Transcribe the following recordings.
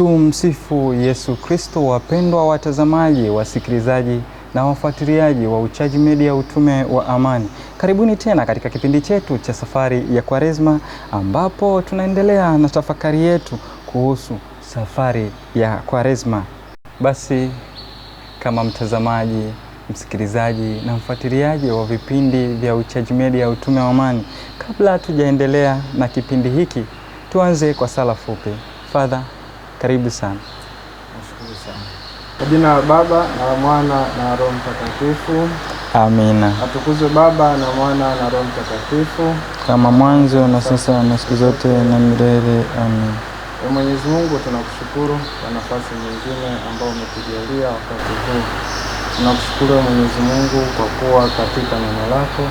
Tumsifu Yesu Kristo, wapendwa watazamaji, wasikilizaji na wafuatiliaji wa Uchaji Media, utume wa amani. Karibuni tena katika kipindi chetu cha safari ya Kwaresma, ambapo tunaendelea na tafakari yetu kuhusu safari ya Kwaresma. Basi kama mtazamaji, msikilizaji na mfuatiliaji wa vipindi vya Uchaji Media, utume wa amani, kabla tujaendelea na kipindi hiki, tuanze kwa sala fupi. Father karibu sana. Nashukuru sana. Kwa jina la Baba na Mwana na Roho Mtakatifu. Amina. Atukuzwe Baba na Mwana na Roho Mtakatifu, kama mwanzo na sasa na siku zote na milele. amina Ee Mwenyezi Mungu, tunakushukuru kwa nafasi nyingine ambayo umetujalia wakati huu. Tunakushukuru e Mwenyezi Mungu kwa kuwa katika neno lako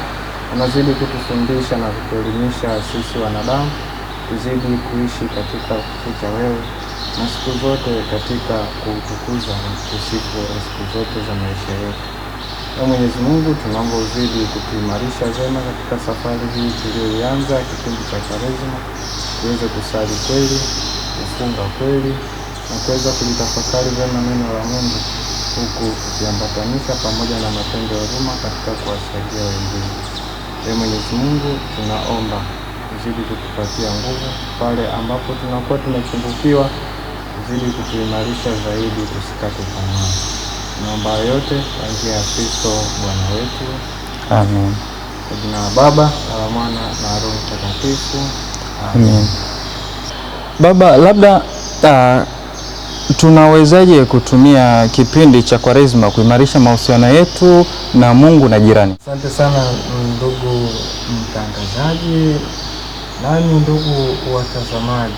unazidi kutufundisha na kutuelimisha sisi wanadamu tuzidi kuishi katika kuficha wewe na siku zote katika kuutukuza na kusifu na siku zote za maisha yetu. Ee Mwenyezi Mungu, tunaomba uzidi kutuimarisha vyema katika safari hii tuliyoianza kipindi cha Kwaresima, tuweze kusali kweli, kufunga kweli na kuweza kujitafakari vyema neno la Mungu, huku tukiambatanisha pamoja na matendo ya huruma katika kuwasaidia wengine. Ee Mwenyezi Mungu, tunaomba uzidi kutupatia nguvu pale ambapo tunakuwa tumepungukiwa ili kutuimarisha zaidi tusikate tamaa. Naomba yote kwa njia ya Kristo Bwana wetu. Amen. Kwa jina la Baba na la Mwana na Roho Mtakatifu. Amen. Baba, labda uh, tunawezaje kutumia kipindi cha Kwaresma kuimarisha mahusiano yetu na Mungu na jirani? Asante sana ndugu mtangazaji, nani ndugu watazamaji,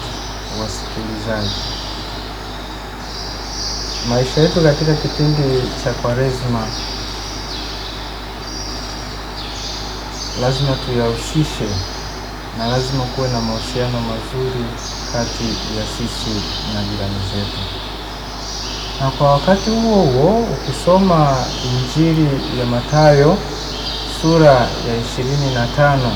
wasikilizaji Maisha yetu katika kipindi cha Kwaresma lazima tuyahusishe na lazima kuwe na mahusiano mazuri kati ya sisi na jirani zetu. Na kwa wakati huo huo, ukisoma Injili ya Mathayo sura ya ishirini na tano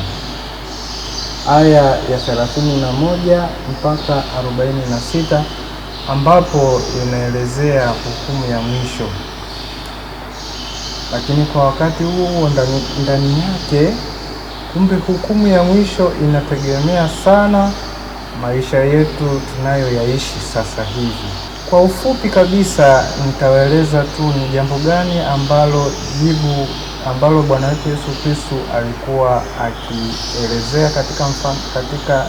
aya ya thelathini na moja mpaka arobaini na sita ambapo inaelezea hukumu ya mwisho, lakini kwa wakati huo huo ndani, ndani yake kumbe hukumu ya mwisho inategemea sana maisha yetu tunayoyaishi sasa hivi. Kwa ufupi kabisa, nitawaeleza tu ni jambo gani ambalo jibu ambalo Bwana wetu Yesu Kristo alikuwa akielezea katika mfano katika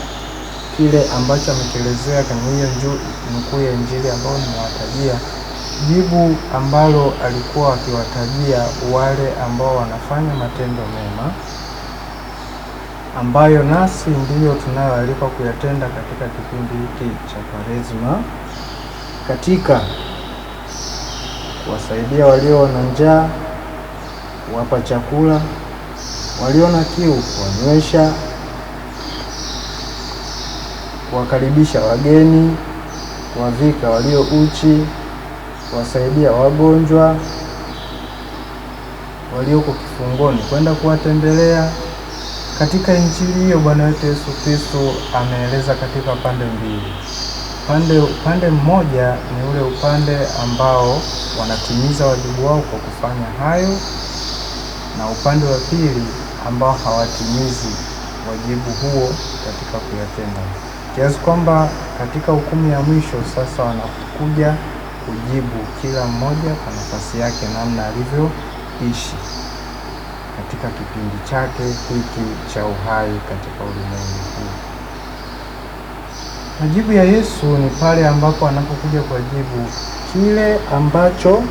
kile ambacho amekielezea kwenye hiyo nukuu ya Injili ambayo nimewatajia, jibu ambalo alikuwa akiwatajia wale ambao wanafanya matendo mema ambayo nasi ndiyo tunayoalikwa kuyatenda katika kipindi hiki cha Kwaresma, katika kuwasaidia walio na njaa, kuwapa chakula, walio na kiu, kuwanywesha kuwakaribisha wageni, kuwavika walio uchi, kuwasaidia wagonjwa walioko kifungoni, kwenda kuwatembelea. Katika injili hiyo Bwana wetu Yesu Kristo ameeleza katika pande mbili. Pande upande mmoja ni ule upande ambao wanatimiza wajibu wao kwa kufanya hayo, na upande wa pili ambao hawatimizi wajibu huo katika kuyatenda kiasi kwamba katika hukumu ya mwisho sasa wanakuja kujibu kila mmoja kwa nafasi yake, namna alivyoishi katika kipindi chake hiki cha uhai katika ulimwengu huu. Majibu ya Yesu ni pale ambapo anapokuja kujibu kile ambacho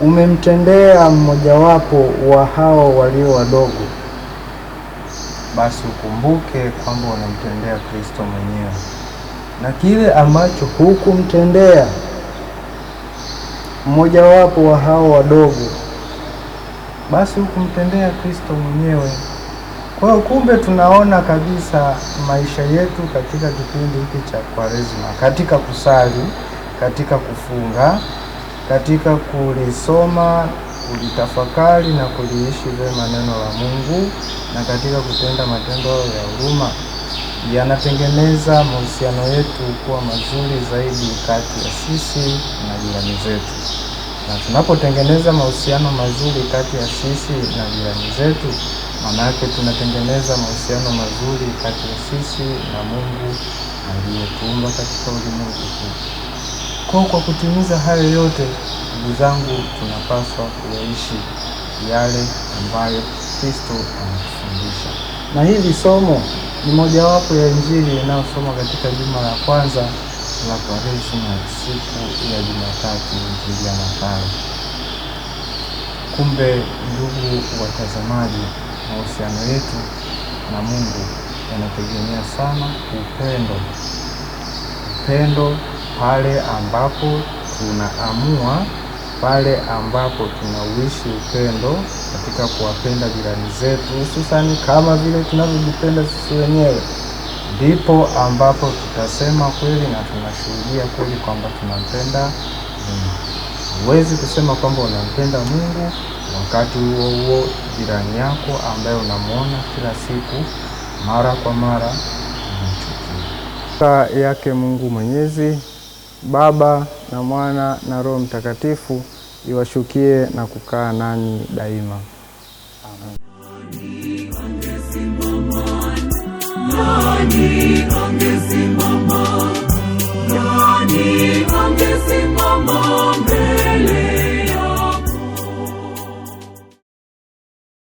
umemtendea mmojawapo wa hao walio wadogo basi ukumbuke kwamba unamtendea Kristo mwenyewe, na kile ambacho hukumtendea mmojawapo wa hao wadogo, basi hukumtendea Kristo mwenyewe. Kwa hiyo kumbe, tunaona kabisa maisha yetu katika kipindi hiki cha Kwaresma, katika kusali, katika kufunga, katika kulisoma kulitafakari na kuliishi vema neno la Mungu na katika kutenda matendo ya huruma yanatengeneza mahusiano yetu kuwa mazuri zaidi kati ya sisi na jirani zetu. Na tunapotengeneza mahusiano mazuri kati ya sisi na jirani zetu, maana yake tunatengeneza mahusiano mazuri kati ya sisi na Mungu aliyetuumba katika ulimwengu huu. Kwa kwa kutimiza hayo yote Ndugu zangu, tunapaswa kuyaishi yale ambayo Kristo anatufundisha, na hili somo ni mojawapo ya injili inayosomwa katika juma la kwanza la Kwaresima, siku ya Jumatatu, injili ya Mathayo. Kumbe ndugu watazamaji, mahusiano yetu na Mungu yanategemea sana upendo. Upendo pale ambapo tunaamua pale ambapo tunauishi upendo katika kuwapenda jirani zetu, hususani kama vile tunavyojipenda sisi wenyewe, ndipo ambapo tutasema kweli na tunashuhudia kweli kwamba tunampenda Mungu. Huwezi kusema kwamba unampenda Mungu wakati huo huo jirani yako ambaye unamwona kila siku mara kwa mara mchukia. Yake Mungu Mwenyezi Baba na Mwana na Roho Mtakatifu iwashukie na kukaa nanyi daima. Amen.